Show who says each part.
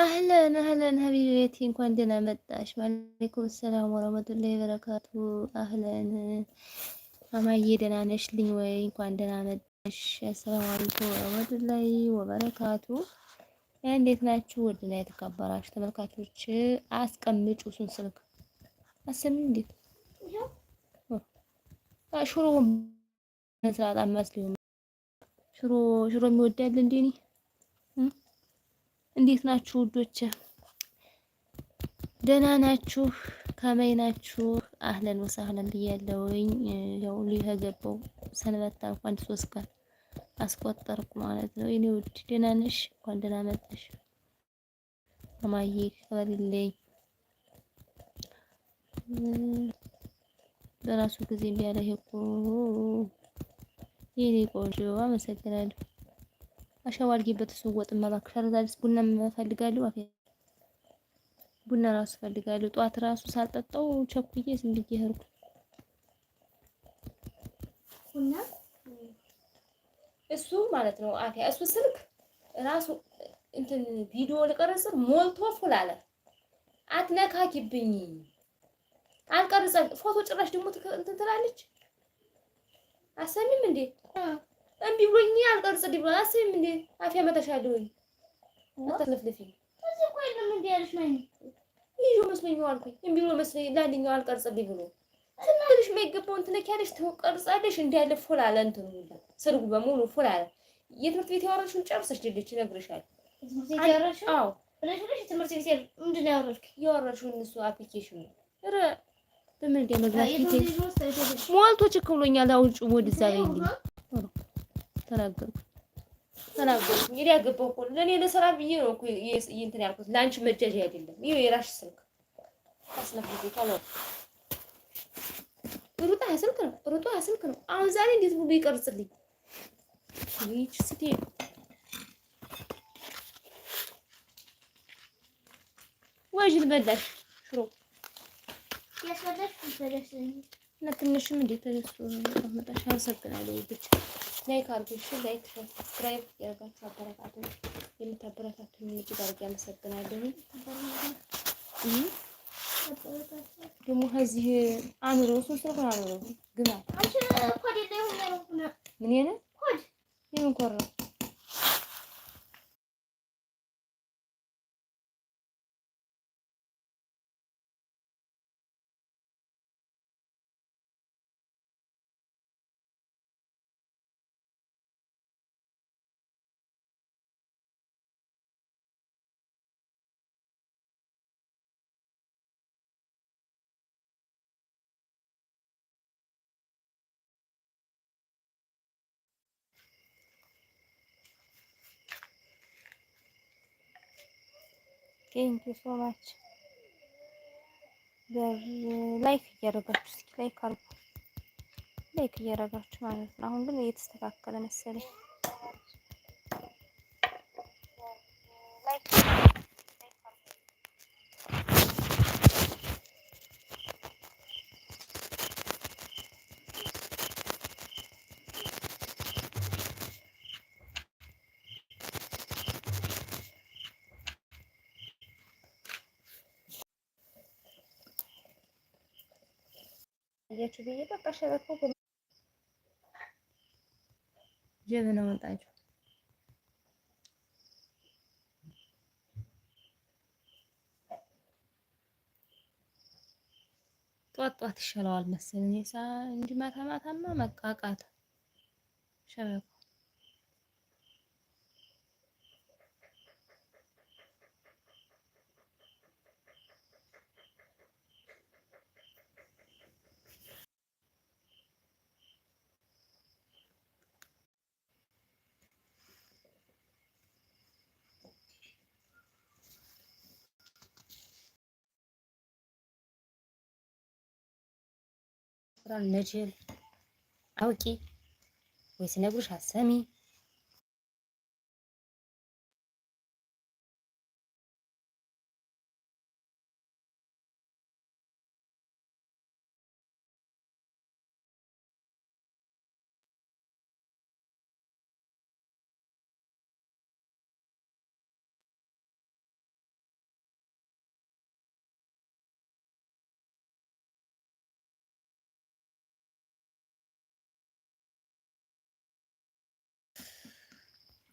Speaker 1: አህለን አህለን ሀቢቤቲ እንኳን ደህና መጣሽ። ዋለይኩም ሰላም ወረህመቱላሂ በረካቱ። አህለን አማዬ ደህና ነሽልኝ ወይ? እንኳን ደህና መጣሽ። አሰላሙ አለይኩም ወረህመቱላሂ ወበረካቱ። እንዴት ናችሁ? ወድና የተከበራችሁ ተመልካቾች አስቀምጩ ሱን ስልክ አሰሚ እንዴት ሽሮ መስራት አመስልኝ ሽሮ ሽሮ የሚወዳል እንዴ? እንዴት ናችሁ ውዶች? ደህና ናችሁ? ከመይ ናችሁ? አህለን ወሳህለን ብያለሁኝ። ያው ሊገባው ሰንበታ እንኳን ሶስት ቀን አስቆጠርኩ ማለት ነው። እኔ ውድ ደህና ነሽ? እንኳን ደህና መጣሽ አማዬ ከበልልኝ። በራሱ ጊዜ ቢያለህ እኮ የኔ ቆንጆ አመሰግናለሁ። አሸዋልጌ በተሰወጥ እሱን ወጥ ቡና እፈልጋለሁ። አፌ ቡና ራሱ እፈልጋለሁ። ጠዋት ራሱ ሳልጠጣው ቸኩዬ ዝም ብዬ ሄድኩ
Speaker 2: እና እሱ ማለት ነው አፌ እሱ ስልክ ራሱ እንትን ቪዲዮ ልቀረጽ ሞልቶ ፉል አለ። አትነካኪብኝ አልቀርጸም። ፎቶ ጭራሽ ደግሞ እንትን ትላለች። አሰሚም እንዴ አዎ እምቢ ብሎኝ አልቀርጽ ዲባ አስብም እንዴ አፍ ያመጣሻለሁኝ አታስለፍልፊ። እዚህ መስሎኝ አልኩኝ። እምቢ ብሎ መስሎኝ ለአንደኛው አልቀርጽ ብሎ ትንሽ የማይገባውን ትነኪያለሽ፣ ትቀርጻለሽ። እንዳለ ፎል አለ እንትኑ ሰርጉ በሙሉ ፎል አለ። የትምህርት ቤት ያወራሽውን ጨርሰሽ ድልች ይነግርሻል።
Speaker 3: አዎ ብለሽ ብለሽ
Speaker 2: ነው በምን እንደ መግባት ሞልቶ ችክ ብሎኛል። አውጭ ወደዛ ላይ እንግዲህ ተናገርኩት ተናገርኩ። እንግዲህ ያገባው እኮ ለእኔ ለስራ ብዬ ነው እኮ እንትን ያልኩት፣ ለአንቺ መጃጃ አይደለም። ይኸው የራሽ ስልክ ታስነፍቶታል። ሩጣ ስልክ ነው፣ ሩጣ ስልክ ነው። አሁን ዛሬ እንዴት ብሎ ይቀርጽልኝ? ይህች ስቴ ወይን በላሽ ሽሮ
Speaker 3: ያሰለፍ
Speaker 1: ትንሽም እንዴት ተደስቶ ነው ተቀምጣሽ። አመሰግናለሁ ብቻ ላይክ አድርጉ። ላይክ ሰብስክራይብ ያደርጋችሁ አበረታቱ። የምታበረታቱኝ እጅግ አድርጌ አመሰግናለሁ። ደግሞ ከዚህ አኑሮ ሶስት ነው አኑሮ ግማ ምን
Speaker 3: ነው
Speaker 1: ቴንክ ሶ ማች ላይክ እያደረጋችሁ እስኪ ላይክ አርጉ። ላይክ እያደረጋችሁ ማለት ነው። አሁን ግን እየተስተካከለ መሰለኝ። እያችሁ ብዬ በቃ ሸበኮ ጀብና ወጣችሁ። ጧት ጧት ይሻለዋል መሰለኝ ማታ ማታማ መቃቃት ሸበኮ ስራ ነጅል አውቂ ወይስ ነግሩሽ አሰሚ